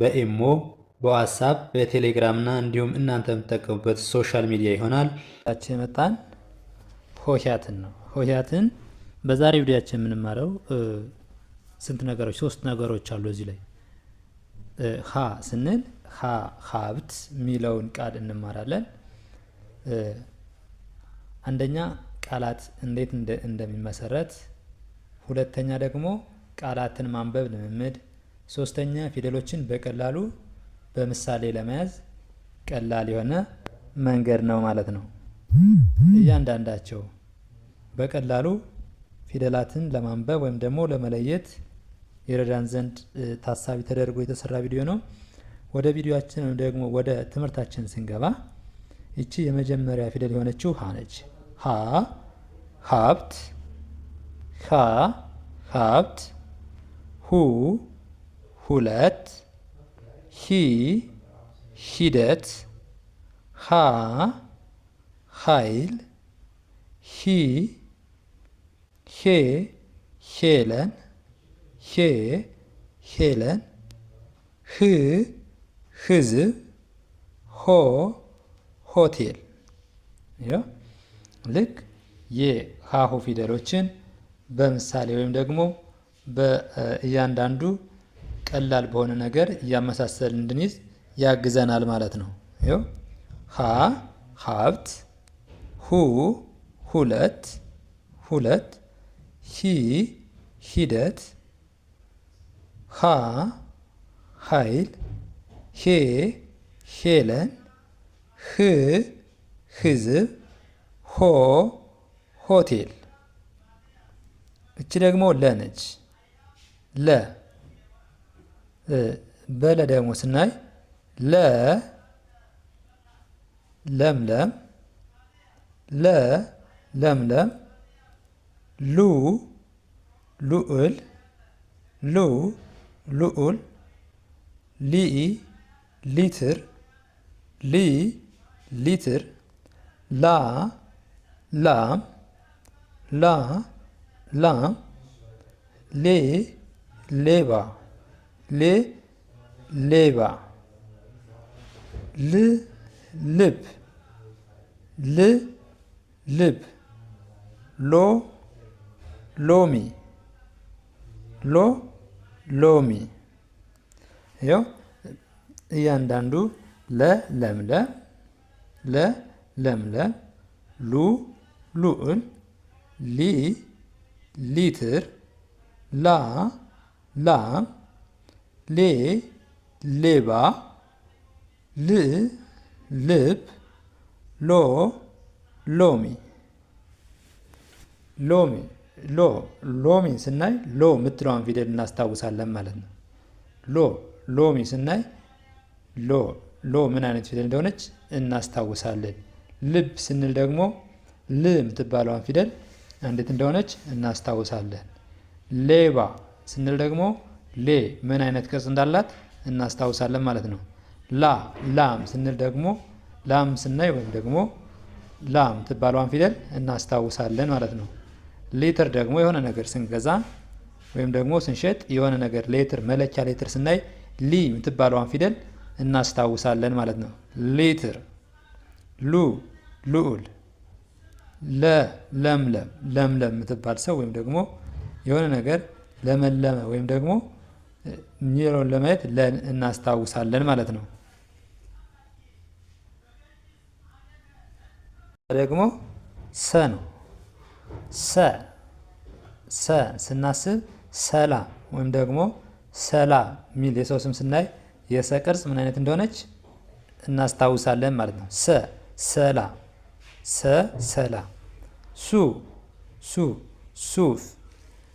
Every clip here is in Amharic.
በኤሞ በዋትሳፕ በቴሌግራም እና እንዲሁም እናንተ የምትጠቀሙበት ሶሻል ሚዲያ ይሆናል። ታችን የመጣን ሆሂያትን ነው። ሆሄያትን በዛሬ ቪዲያችን የምንማረው ስንት ነገሮች ሶስት ነገሮች አሉ እዚህ ላይ ሀ ስንል ሀ ሀብት የሚለውን ቃል እንማራለን። አንደኛ ቃላት እንዴት እንደሚመሰረት፣ ሁለተኛ ደግሞ ቃላትን ማንበብ ልምምድ ሶስተኛ ፊደሎችን በቀላሉ በምሳሌ ለመያዝ ቀላል የሆነ መንገድ ነው ማለት ነው። እያንዳንዳቸው በቀላሉ ፊደላትን ለማንበብ ወይም ደግሞ ለመለየት የረዳን ዘንድ ታሳቢ ተደርጎ የተሰራ ቪዲዮ ነው። ወደ ቪዲዮችን ወይም ደግሞ ወደ ትምህርታችን ስንገባ ይቺ የመጀመሪያ ፊደል የሆነችው ሀ ነች። ሀ ሀብት፣ ሀ ሀብት፣ ሁ ሁለት ሂ ሂደት ሃ ኃይል ሂ ሄ ሄለን ሄ ሄለን ህ ህዝብ ሆ ሆቴል ልክ የሀሁ ፊደሎችን በምሳሌ ወይም ደግሞ በእያንዳንዱ ቀላል በሆነ ነገር እያመሳሰል እንድንይዝ ያግዘናል ማለት ነው። ይኸው ሀ ሀብት፣ ሁ ሁለት ሁለት፣ ሂ ሂደት፣ ሃ ኃይል፣ ሄ ሄለን፣ ህ ህዝብ፣ ሆ ሆቴል። እቺ ደግሞ ለነች ለ በለ ደግሞ ስናይ ለ ለምለም ለ ለምለም ሉ ሉዑል ሉ ሉዑል ሊ ሊትር ሊ ሊትር ላ ላም ላ ላም ሌ ሌባ ሌ ሌባ ል ልብ ል ልብ ሎ ሎሚ ሎ ሎሚ ይኸው እያንዳንዱ ለ ለምለ ለ ለምለ ሉ ሉዑል ሊ ሊትር ላ ላም ሌ ሌባ ል ልብ ሎ ሎሚ ሎሚ ሎ ሎሚ ስናይ ሎ የምትለዋን ፊደል እናስታውሳለን ማለት ነው። ሎ ሎሚ ስናይ ሎ ሎ ምን አይነት ፊደል እንደሆነች እናስታውሳለን። ልብ ስንል ደግሞ ል የምትባለዋን ፊደል እንዴት እንደሆነች እናስታውሳለን። ሌባ ስንል ደግሞ ሌ ምን አይነት ቅርጽ እንዳላት እናስታውሳለን ማለት ነው። ላ ላም ስንል ደግሞ ላም ስናይ ወይም ደግሞ ላም ትባለዋን ፊደል እናስታውሳለን ማለት ነው። ሊትር ደግሞ የሆነ ነገር ስንገዛ ወይም ደግሞ ስንሸጥ የሆነ ነገር ሌትር መለኪያ ሌትር ስናይ ሊ የምትባለዋን ፊደል እናስታውሳለን ማለት ነው። ሊትር ሉ ልዑል ለ ለምለም ለምለም የምትባል ሰው ወይም ደግሞ የሆነ ነገር ለመለመ ወይም ደግሞ የሚለውን ለማየት እናስታውሳለን ማለት ነው። ደግሞ ሰ ነው። ሰ ሰ ስናስብ ሰላ ወይም ደግሞ ሰላ የሚል የሰው ስም ስናይ የሰ ቅርጽ ምን አይነት እንደሆነች እናስታውሳለን ማለት ነው። ሰ ሰላ፣ ሰ ሰላ። ሱ ሱ ሱፍ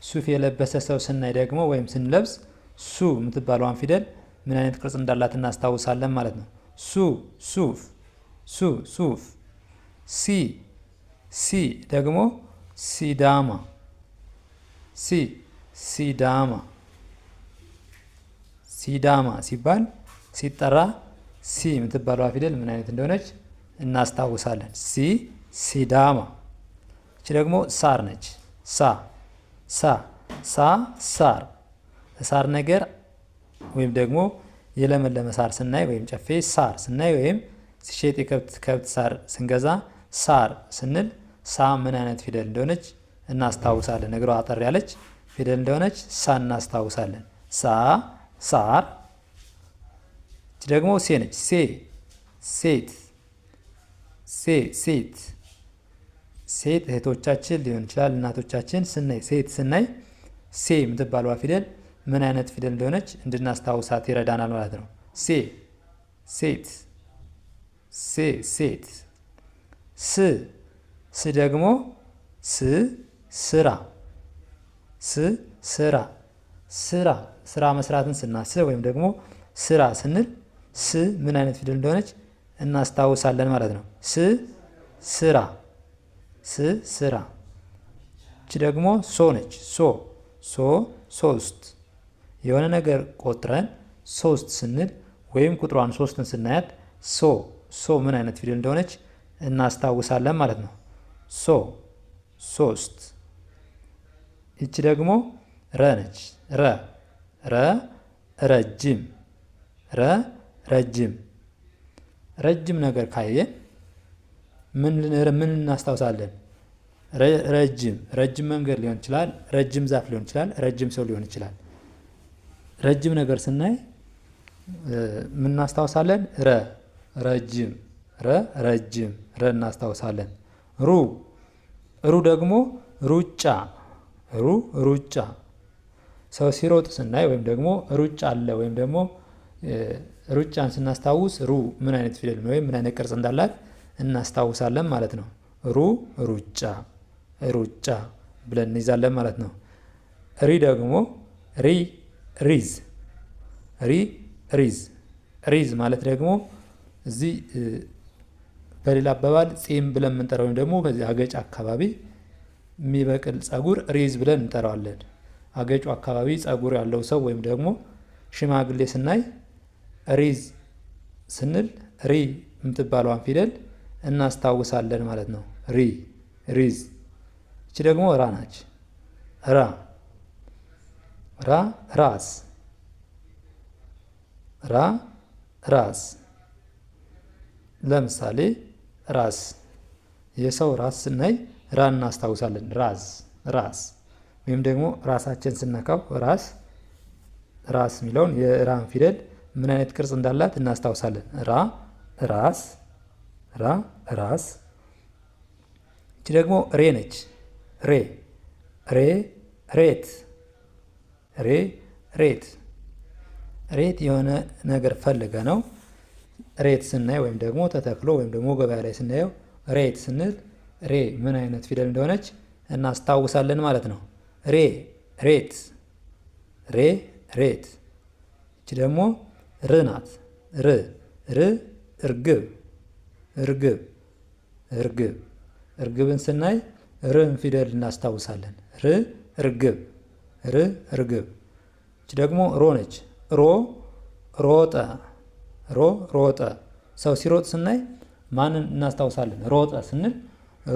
ሱፍ የለበሰ ሰው ስናይ ደግሞ ወይም ስንለብስ ሱ የምትባለዋን ፊደል ምን አይነት ቅርጽ እንዳላት እናስታውሳለን ማለት ነው። ሱ ሱፍ፣ ሱ ሱፍ። ሲ ሲ ደግሞ ሲዳማ፣ ሲ ሲዳማ፣ ሲዳማ ሲባል ሲጠራ ሲ የምትባለዋ ፊደል ምን አይነት እንደሆነች እናስታውሳለን። ሲ ሲዳማ። እቺ ደግሞ ሳር ነች። ሳ ሳ ሳ ሳር ሳር ነገር ወይም ደግሞ የለመለመ ሳር ስናይ ወይም ጨፌ ሳር ስናይ ወይም ሲሸጥ የከብት ከብት ሳር ስንገዛ ሳር ስንል ሳ ምን አይነት ፊደል እንደሆነች እናስታውሳለን። እግሯ አጠር ያለች ፊደል እንደሆነች ሳ እናስታውሳለን። ሳ ሳር። ደግሞ ሴ ነች። ሴ ሴት፣ ሴ ሴት፣ ሴት እህቶቻችን ሊሆን ይችላል እናቶቻችን ስናይ ሴት ስናይ ሴ የምትባለዋ ፊደል ምን አይነት ፊደል እንደሆነች እንድናስታውሳት ይረዳናል ማለት ነው። ሴ ሴት፣ ሴ ሴት። ስ ስ ደግሞ ስ ስራ፣ ስ ስራ፣ ስራ ስራ መስራትን ስናስብ ወይም ደግሞ ስራ ስንል ስ ምን አይነት ፊደል እንደሆነች እናስታውሳለን ማለት ነው። ስ ስራ፣ ስ ስራ። እች ደግሞ ሶ ነች። ሶ ሶ ሶስት የሆነ ነገር ቆጥረን ሶስት ስንል ወይም ቁጥሯን ሶስትን ስናያት ሶ ሶ ምን አይነት ፊደል እንደሆነች እናስታውሳለን ማለት ነው። ሶ ሶስት። ይቺ ደግሞ ረ ነች። ረ ረ ረጅም ረ ረጅም ረጅም ነገር ካየን ምን ምን እናስታውሳለን? ረጅም ረጅም መንገድ ሊሆን ይችላል። ረጅም ዛፍ ሊሆን ይችላል። ረጅም ሰው ሊሆን ይችላል። ረጅም ነገር ስናይ ምናስታውሳለን ረ ረጅም ረ ረጅም ረ እናስታውሳለን። ሩ ሩ ደግሞ ሩጫ ሩ ሩጫ ሰው ሲሮጥ ስናይ ወይም ደግሞ ሩጫ አለ ወይም ደግሞ ሩጫን ስናስታውስ ሩ ምን አይነት ፊደል ነው ወይም ምን አይነት ቅርጽ እንዳላት እናስታውሳለን ማለት ነው። ሩ ሩጫ ሩጫ ብለን እንይዛለን ማለት ነው። ሪ ደግሞ ሪ ሪዝ ሪ ሪዝ ሪዝ ማለት ደግሞ እዚህ በሌላ አባባል ጺም ብለን የምንጠራው ወይም ደግሞ በዚህ አገጭ አካባቢ የሚበቅል ጸጉር ሪዝ ብለን እንጠራዋለን። አገጩ አካባቢ ጸጉር ያለው ሰው ወይም ደግሞ ሽማግሌ ስናይ ሪዝ ስንል ሪ የምትባለዋን ፊደል እናስታውሳለን ማለት ነው። ሪ ሪዝ። እቺ ደግሞ ራ ናች። ራ ራ ራስ ራ ራስ ለምሳሌ ራስ የሰው ራስ ስናይ ራ እናስታውሳለን። ራስ ራስ ወይም ደግሞ ራሳችን ስነካው ራስ ራስ የሚለውን የራን ፊደል ምን አይነት ቅርጽ እንዳላት እናስታውሳለን። ራ ራስ ራ ራስ። ይቺ ደግሞ ሬ ነች። ሬ ሬ ሬት ሬ ሬት ሬት የሆነ ነገር ፈልገ ነው ሬት ስናይ ወይም ደግሞ ተተክሎ ወይም ደግሞ ገበያ ላይ ስናየው ሬት ስንል ሬ ምን አይነት ፊደል እንደሆነች እናስታውሳለን ማለት ነው። ሬ ሬት ሬ ሬት። እቺ ደግሞ ር ናት። ር ር እርግብ እርግብ እርግብ እርግብን ስናይ ርን ፊደል እናስታውሳለን። ር እርግብ ር ርግብ። እች ደግሞ ሮ ነች። ሮ ሮጠ፣ ሮ ሮጠ። ሰው ሲሮጥ ስናይ ማንን እናስታውሳለን? ሮጠ ስንል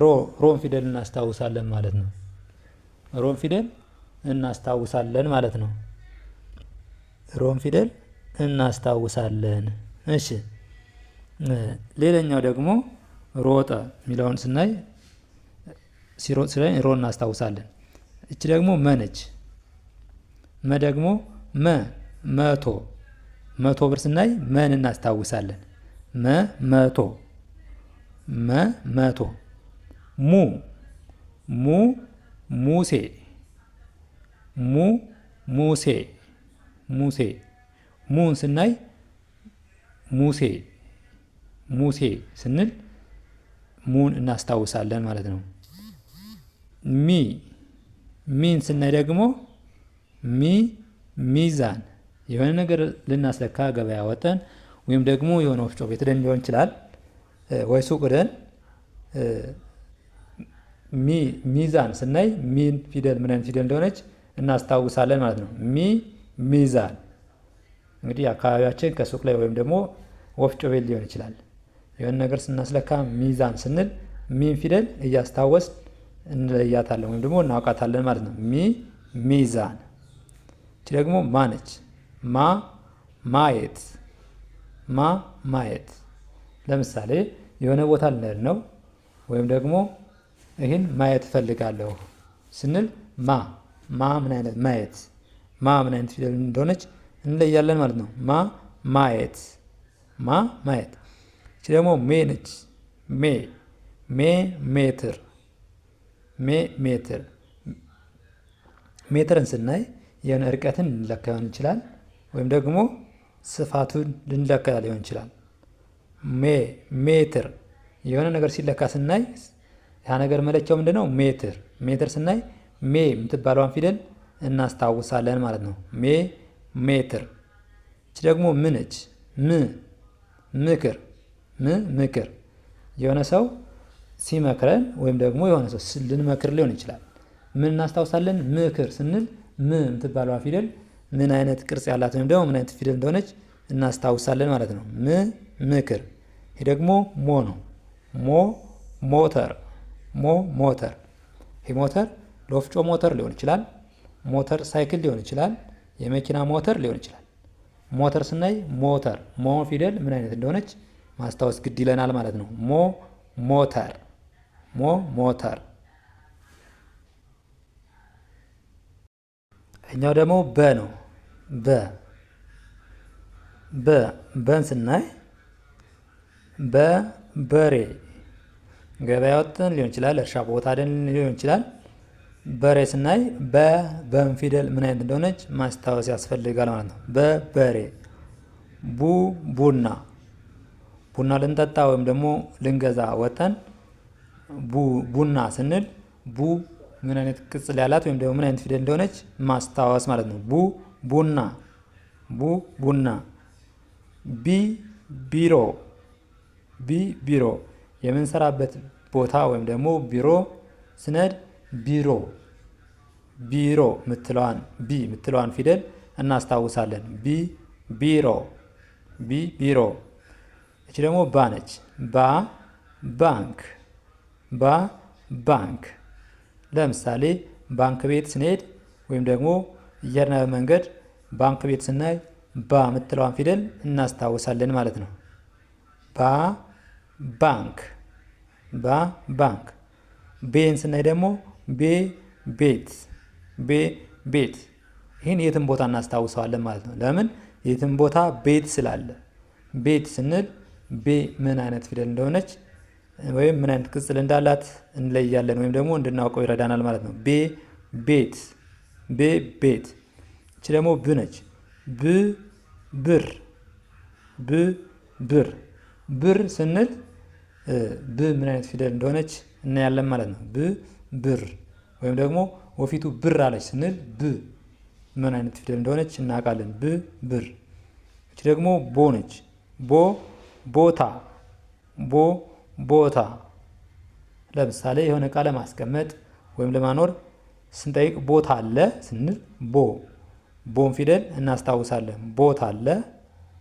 ሮ ሮም ፊደል እናስታውሳለን ማለት ነው። ሮም ፊደል እናስታውሳለን ማለት ነው። ሮም ፊደል እናስታውሳለን። እሺ ሌላኛው ደግሞ ሮጠ የሚለውን ስናይ ሲሮጥ ስናይ ሮ እናስታውሳለን። እች ደግሞ መነች መ ደግሞ መ መቶ መቶ ብር ስናይ መን እናስታውሳለን። መ መቶ መ መቶ ሙ ሙ ሙሴ ሙ ሙሴ ሙሴ ሙን ስናይ ሙሴ ሙሴ ስንል ሙን እናስታውሳለን ማለት ነው። ሚ ሚን ስናይ ደግሞ ሚ ሚዛን የሆነ ነገር ልናስለካ ገበያ ወጠን ወይም ደግሞ የሆነ ወፍጮ ቤት ደን ሊሆን ይችላል ወይ ሱቅ ደን ሚ ሚዛን ስናይ ሚን ፊደል ምንን ፊደል እንደሆነች እናስታውሳለን ማለት ነው። ሚ ሚዛን እንግዲህ አካባቢያችን ከሱቅ ላይ ወይም ደግሞ ወፍጮ ቤት ሊሆን ይችላል። የሆነ ነገር ስናስለካ ሚዛን ስንል ሚን ፊደል እያስታወስ እንለያታለን ወይም ደግሞ እናውቃታለን ማለት ነው። ሚ ሚዛን ደግሞ ማ ነች። ማ ማየት ማ ማየት። ለምሳሌ የሆነ ቦታ ልንሄድ ነው ወይም ደግሞ ይህን ማየት እፈልጋለሁ ስንል ማ ማ ምን አይነት ማየት ማ ምን አይነት ፊደል እንደሆነች እንለያለን ማለት ነው። ማ ማየት ማ ማየት። እቺ ደግሞ ሜ ነች። ሜ ሜ ሜትር ሜ ሜትር ሜትርን ስናይ የሆነ እርቀትን ልንለካ ሊሆን ይችላል፣ ወይም ደግሞ ስፋቱን ልንለካ ሊሆን ይችላል። ሜትር የሆነ ነገር ሲለካ ስናይ ያ ነገር መለኪያው ምንድን ነው? ሜትር ሜትር ስናይ ሜ የምትባለዋን ፊደል እናስታውሳለን ማለት ነው። ሜ ሜትር። እች ደግሞ ምንች ም ምክር። ም ምክር የሆነ ሰው ሲመክረን ወይም ደግሞ የሆነ ሰው ልንመክር ሊሆን ይችላል። ምን እናስታውሳለን? ምክር ስንል ም የምትባለዋ ፊደል ምን አይነት ቅርጽ ያላት ወይም ደግሞ ምን አይነት ፊደል እንደሆነች እናስታውሳለን ማለት ነው። ም ምክር። ይሄ ደግሞ ሞ ነው። ሞ ሞተር፣ ሞ ሞተር። ይህ ሞተር ለወፍጮ ሞተር ሊሆን ይችላል። ሞተር ሳይክል ሊሆን ይችላል። የመኪና ሞተር ሊሆን ይችላል። ሞተር ስናይ ሞተር ሞ ፊደል ምን አይነት እንደሆነች ማስታወስ ግድ ይለናል ማለት ነው። ሞ ሞተር፣ ሞ ሞተር እኛው ደግሞ በ ነው። በ በ በን ስናይ በ በሬ ገበያ ወጥን ሊሆን ይችላል፣ እርሻ ቦታ ደን ሊሆን ይችላል። በሬ ስናይ በ በን ፊደል ምን አይነት እንደሆነች ማስታወስ ያስፈልጋል ማለት ነው። በ በሬ ቡ ቡና ቡና ልንጠጣ ወይም ደግሞ ልንገዛ ወጠን ቡ ቡና ስንል ቡ ምን አይነት ቅጽል ያላት ወይም ደግሞ ምን አይነት ፊደል እንደሆነች ማስታወስ ማለት ነው። ቡ ቡና፣ ቡ ቡና፣ ቢ ቢሮ፣ ቢ ቢሮ የምንሰራበት ቦታ ወይም ደግሞ ቢሮ ስነድ ቢሮ ቢሮ ምትለዋን ቢ ምትለዋን ፊደል እናስታውሳለን። ቢ ቢሮ፣ ቢ ቢሮ። እች ደግሞ ባ ነች። ባ ባንክ፣ ባ ባንክ ለምሳሌ ባንክ ቤት ስንሄድ ወይም ደግሞ እየርናበ መንገድ ባንክ ቤት ስናይ ባ የምትለዋን ፊደል እናስታውሳለን ማለት ነው። ባ ባንክ፣ ባ ባንክ። ቤን ስናይ ደግሞ ቤ ቤት፣ ቤ ቤት። ይህን የትም ቦታ እናስታውሰዋለን ማለት ነው። ለምን? የትም ቦታ ቤት ስላለ። ቤት ስንል ቤ ምን አይነት ፊደል እንደሆነች ወይም ምን አይነት ቅጽል እንዳላት እንለያለን ወይም ደግሞ እንድናውቀው ይረዳናል ማለት ነው። ቤ ቤት፣ ቤ ቤት። እች ደግሞ ብ ነች። ብ ብር፣ ብ ብር። ብር ስንል ብ ምን አይነት ፊደል እንደሆነች እናያለን ማለት ነው። ብ ብር ወይም ደግሞ ወፊቱ ብር አለች ስንል ብ ምን አይነት ፊደል እንደሆነች እናውቃለን። ብ ብር። እች ደግሞ ቦ ነች። ቦ ቦታ፣ ቦ ቦታ ለምሳሌ የሆነ እቃ ለማስቀመጥ ወይም ለማኖር ስንጠይቅ ቦታ አለ ስንል ቦ ቦን ፊደል እናስታውሳለን። ቦታ አለ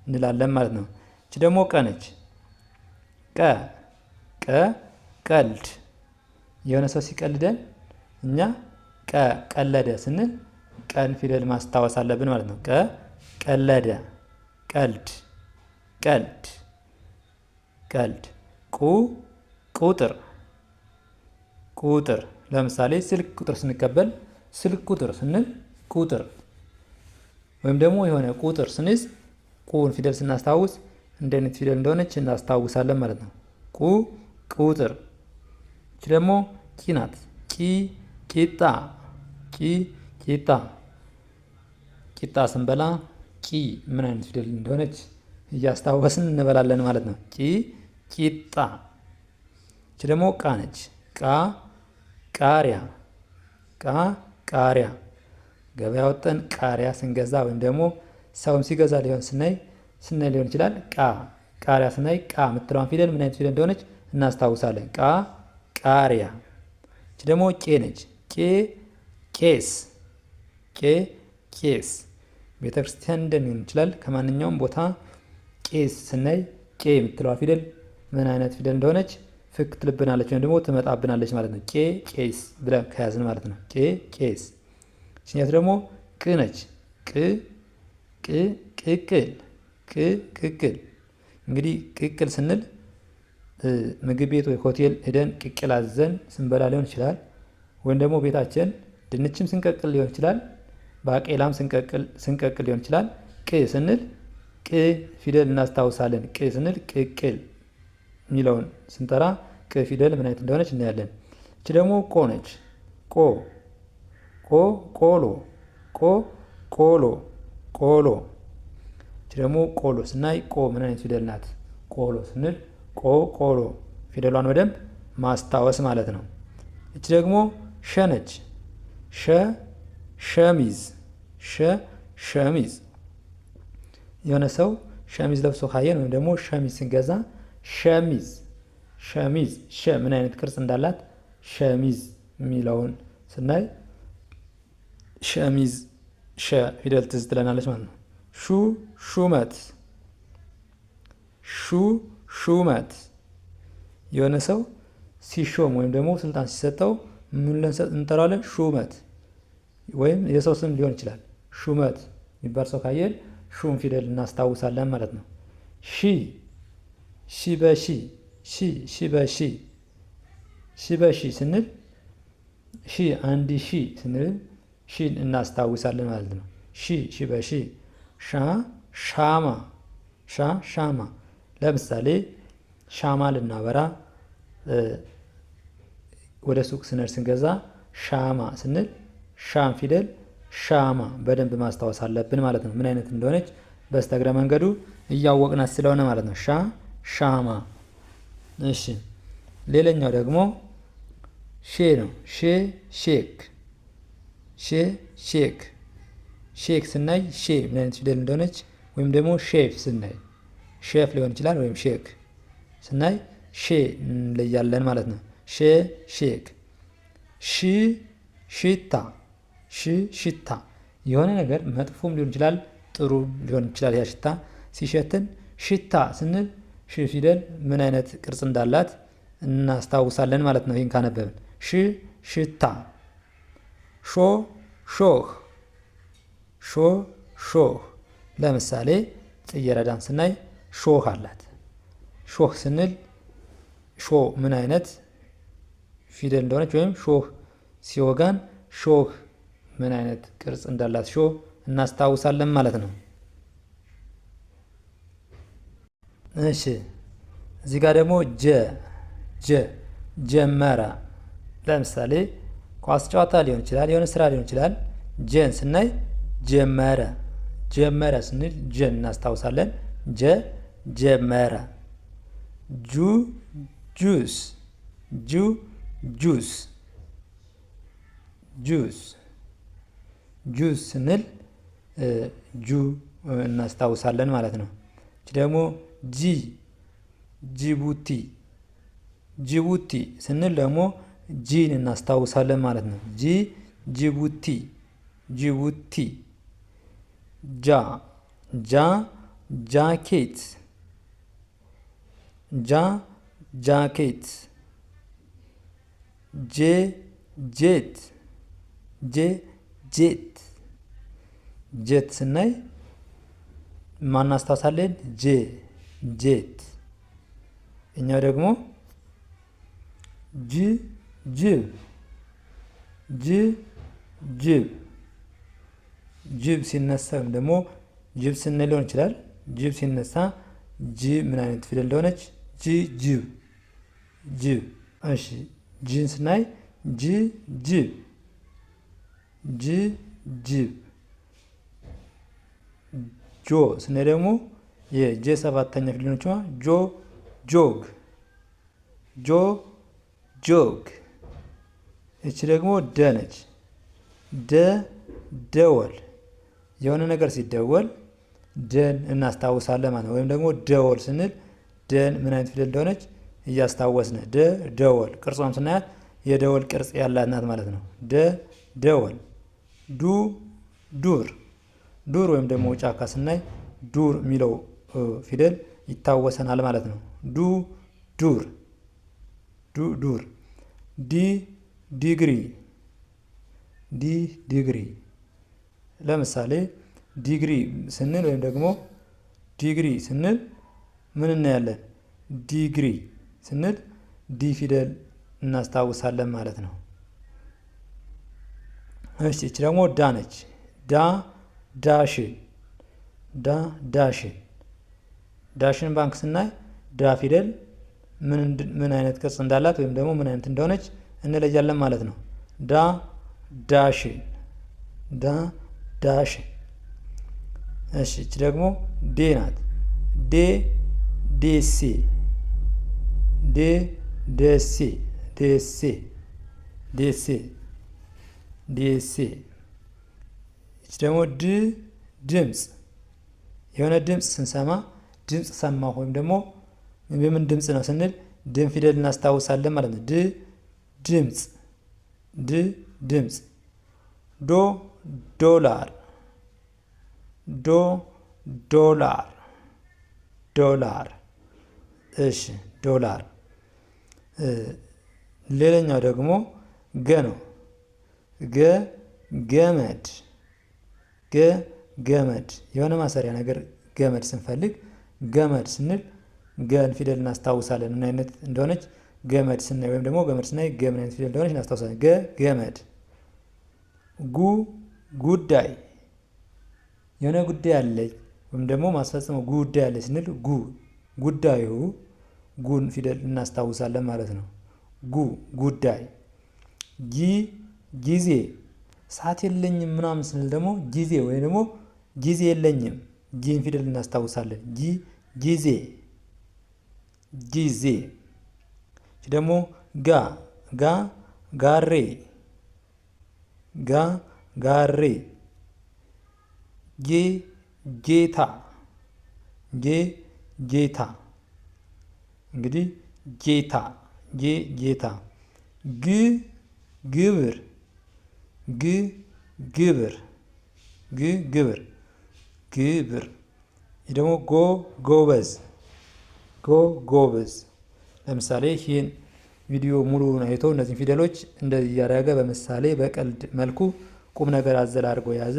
እንላለን ማለት ነው። እች ደግሞ ቀ ነች። ቀ ቀ ቀልድ የሆነ ሰው ሲቀልደን እኛ ቀ ቀለደ ስንል ቀን ፊደል ማስታወስ አለብን ማለት ነው። ቀ ቀለደ ቀልድ ቀልድ ቀልድ ቁ ቁጥር ቁጥር ለምሳሌ ስልክ ቁጥር ስንቀበል ስልክ ቁጥር ስንል ቁጥር ወይም ደግሞ የሆነ ቁጥር ስንይዝ ቁን ፊደል ስናስታውስ እንደ አይነት ፊደል እንደሆነች እናስታውሳለን ማለት ነው። ቁ ቁጥር። እቺ ደግሞ ቂ ናት። ቂ ቂጣ፣ ቂ ቂጣ። ቂጣ ስንበላ ቂ ምን አይነት ፊደል እንደሆነች እያስታወስን እንበላለን ማለት ነው። ቂ ቂጣ። እች ደግሞ ቃ ነች። ቃ ቃሪያ፣ ቃ ቃሪያ። ገበያ ወጠን ቃሪያ ስንገዛ ወይም ደግሞ ሰውም ሲገዛ ሊሆን ስናይ ስናይ ሊሆን ይችላል። ቃ ቃሪያ ስናይ ቃ የምትለዋን ፊደል ምን አይነት ፊደል እንደሆነች እናስታውሳለን። ቃ ቃሪያ። እች ደግሞ ቄ ነች። ቄ ቄስ፣ ቄ ቄስ። ቤተክርስቲያን እንደን ይችላል። ከማንኛውም ቦታ ቄስ ስናይ ቄ የምትለዋ ፊደል ምን አይነት ፊደል እንደሆነች ፍክ ትልብናለች ወይም ደግሞ ትመጣብናለች ማለት ነው። ቄ ቄስ ብለን ከያዝን ማለት ነው። ቄ ቄስ። እችኛት ደግሞ ቅ ነች። ቅ ቅ ቅቅል ቅ ቅቅል። እንግዲህ ቅቅል ስንል ምግብ ቤት ወይ ሆቴል ሄደን ቅቅል አዘን ስንበላ ሊሆን ይችላል። ወይም ደግሞ ቤታችን ድንችም ስንቀቅል ሊሆን ይችላል። ባቄላም ስንቀቅል ሊሆን ይችላል። ቅ ስንል ቅ ፊደል እናስታውሳለን። ቅ ስንል ቅቅል የሚለውን ስንጠራ ቅ ፊደል ምን አይነት እንደሆነች እናያለን። እቺ ደግሞ ቆ ነች። ቆ ቆ ቆሎ ቆ ቆሎ ቆሎ። እቺ ደግሞ ቆሎ ስናይ ቆ ምን አይነት ፊደል ናት? ቆሎ ስንል ቆ ቆሎ ፊደሏን በደንብ ማስታወስ ማለት ነው። እቺ ደግሞ ሸ ነች። ሸ ሸሚዝ ሸ ሸሚዝ የሆነ ሰው ሸሚዝ ለብሶ ካየን ወይም ደግሞ ሸሚዝ ስንገዛ ሸሚዝ ሸሚዝ ሸ ምን አይነት ቅርጽ እንዳላት ሸሚዝ የሚለውን ስናይ ሸሚዝ ሸ ፊደል ትዝ ትለናለች ማለት ነው። ሹ ሹመት ሹ ሹመት የሆነ ሰው ሲሾም ወይም ደግሞ ስልጣን ሲሰጠው ምን እንጠራለን? ሹመት ወይም የሰው ስም ሊሆን ይችላል። ሹመት የሚባል ሰው ካየን ሹም ፊደል እናስታውሳለን ማለት ነው። ሺ ሺ በሺ ሺ ሺ በሺ ሺ በሺ ስንል ሺ አንድ ሺ ስንል ሺን እናስታውሳለን ማለት ነው። ሺ ሺ በሺ ሻ ሻማ ሻ ሻማ ለምሳሌ ሻማ ልናበራ ወደ ሱቅ ስነር ስንገዛ ሻማ ስንል ሻን ፊደል ሻማ በደንብ ማስታወስ አለብን ማለት ነው። ምን አይነት እንደሆነች በስተግረ መንገዱ እያወቅናት ስለሆነ ማለት ነው። ሻ ሻማ። እሺ ሌላኛው ደግሞ ሼ ነው። ሼ ሼክ፣ ሼ ሼክ፣ ሼክ ስናይ ሼ ምን አይነት ፊደል እንደሆነች ወይም ደግሞ ሼፍ ስናይ ሼፍ ሊሆን ይችላል ወይም ሼክ ስናይ ሼ እንለያለን ማለት ነው። ሼ ሼክ፣ ሺ ሽታ፣ ሺ ሽታ የሆነ ነገር መጥፎም ሊሆን ይችላል ጥሩ ሊሆን ይችላል። ያ ሽታ ሲሸትን ሽታ ስንል ሽ ፊደል ምን አይነት ቅርጽ እንዳላት እናስታውሳለን ማለት ነው። ይህን ካነበብን ሽ ሽታ፣ ሾ ሾህ፣ ሾ ሾህ። ለምሳሌ ጽጌረዳን ስናይ ሾህ አላት። ሾህ ስንል ሾ ምን አይነት ፊደል እንደሆነች ወይም ሾህ ሲወጋን ሾህ ምን አይነት ቅርጽ እንዳላት ሾህ እናስታውሳለን ማለት ነው። እሺ እዚህ ጋር ደግሞ ጀ ጀ ጀመረ። ለምሳሌ ኳስ ጨዋታ ሊሆን ይችላል፣ የሆነ ስራ ሊሆን ይችላል። ጀን ስናይ ጀመረ ጀመረ ስንል ጀን እናስታውሳለን። ጀ ጀመረ። ጁ ጁስ ጁ ጁስ ጁስ ጁስ ስንል ጁ እናስታውሳለን ማለት ነው። ደግሞ ጂ ጅቡቲ ጅቡቲ ስንል ደግሞ ጂን እናስታውሳለን ማለት ነው። ጂ ጅቡቲ ጅቡቲ ጃ ጃ ጃኬት ጃ ጃኬት ጄ ጄት ጄ ጄት ጄት ስናይ ማናስታውሳለን ጄ ጄት እኛው ደግሞ ጅ ጅብ ጅ ጅብ ጅብ ሲነሳ ወይም ደግሞ ጅብ ስንል ሊሆን ይችላል። ጅብ ሲነሳ ጅ ምን አይነት ፊደል እንደሆነች ጅ ጅብ ጅብ። እሺ ጅን ስናይ ጅ ጅብ ጅ ጅብ ጆ ስናይ ደግሞ የጄ ሰባተኛ ፊደሎች ጆ ጆግ፣ ጆ ጆግ። እቺ ደግሞ ደ ነች። ደ ደወል። የሆነ ነገር ሲደወል ደን እናስታውሳለን ማለት ነው። ወይም ደግሞ ደወል ስንል ደን ምን አይነት ፊደል እንደሆነች እያስታወስን ደ ደወል። ቅርጿም ስናያት የደወል ቅርጽ ያላት ናት ማለት ነው። ደ ደወል። ዱ ዱር ዱር ወይም ደግሞ ጫካ ስናይ ዱር የሚለው ፊደል ይታወሰናል ማለት ነው። ዱ ዱር ዱ ዱር ዲ ዲግሪ ዲ ዲግሪ ለምሳሌ ዲግሪ ስንል ወይም ደግሞ ዲግሪ ስንል ምን እናያለን? ዲግሪ ስንል ዲ ፊደል እናስታውሳለን ማለት ነው። እሺ እቺ ደግሞ ዳ ነች። ዳ ዳሽን ዳ ዳሽን ዳሽን ባንክ ስናይ ዳ ፊደል ምን አይነት ቅርጽ እንዳላት ወይም ደግሞ ምን አይነት እንደሆነች እንለያለን ማለት ነው። ዳ ዳሽን ዳ ዳሽን። እሺ እች ደግሞ ዴ ናት። ዴ ዴሴ ዴ ደሴ ደሴ ደሴ ደሴ። እች ደግሞ ድ ድምፅ የሆነ ድምፅ ስንሰማ ድምፅ ሰማሁ ወይም ደግሞ የምን ድምፅ ነው ስንል ድም ፊደል እናስታውሳለን ማለት ነው። ድ ድምፅ፣ ድ ድምፅ። ዶ ዶላር፣ ዶ ዶላር፣ ዶላር። እሺ ዶላር። ሌላኛው ደግሞ ገ ነው። ገ ገመድ፣ ገ ገመድ የሆነ ማሰሪያ ነገር ገመድ ስንፈልግ ገመድ ስንል ገን ፊደል እናስታውሳለን። ምን አይነት እንደሆነች ገመድ ስናይ ወይም ደግሞ ገመድ ስናይ ገ ምን አይነት ፊደል እንደሆነች እናስታውሳለን። ገ ገመድ። ጉ ጉዳይ የሆነ ጉዳይ አለች ወይም ደግሞ ማስፈጸመው ጉዳይ አለች ስንል ጉ ጉዳዩ ጉን ፊደል እናስታውሳለን ማለት ነው። ጉ ጉዳይ። ጊ ጊዜ ሰዓት የለኝም ምናምን ስንል ደግሞ ጊዜ ወይም ደግሞ ጊዜ የለኝም ጂን ፊደል እናስታውሳለን። ጂ ጊዜ ጊዜ። ደግሞ ጋ ጋ ጋሬ ጋ ጋሬ ጌ ጌታ ጌ ጌታ እንግዲህ ጌታ ጌ ጌታ ግ ግብር ግ ግብር ግ ግብር ግብር። ይህ ደግሞ ጎ ጎበዝ፣ ጎ ጎበዝ። ለምሳሌ ይህን ቪዲዮ ሙሉውን አይቶ እነዚህን ፊደሎች እንደዚህ እያደረገ በምሳሌ በቀልድ መልኩ ቁም ነገር አዘል አድርጎ የያዘ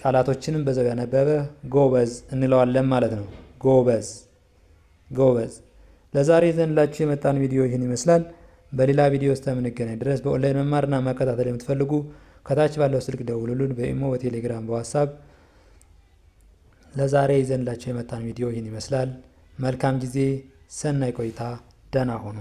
ቃላቶችንም በዛው ያነበበ ጎበዝ እንለዋለን ማለት ነው። ጎበዝ ጎበዝ። ለዛሬ ዘንላችሁ የመጣን ቪዲዮ ይህን ይመስላል። በሌላ ቪዲዮ ውስጥ ድረስ በኦንላይን መማርና መከታተል የምትፈልጉ ከታች ባለው ስልክ ደውሉልን። በኢሞ፣ በቴሌግራም፣ በዋትሳፕ ለዛሬ ይዘንላቸው የመጣን ቪዲዮ ይህን ይመስላል። መልካም ጊዜ፣ ሰናይ ቆይታ፣ ደህና ሆኑ።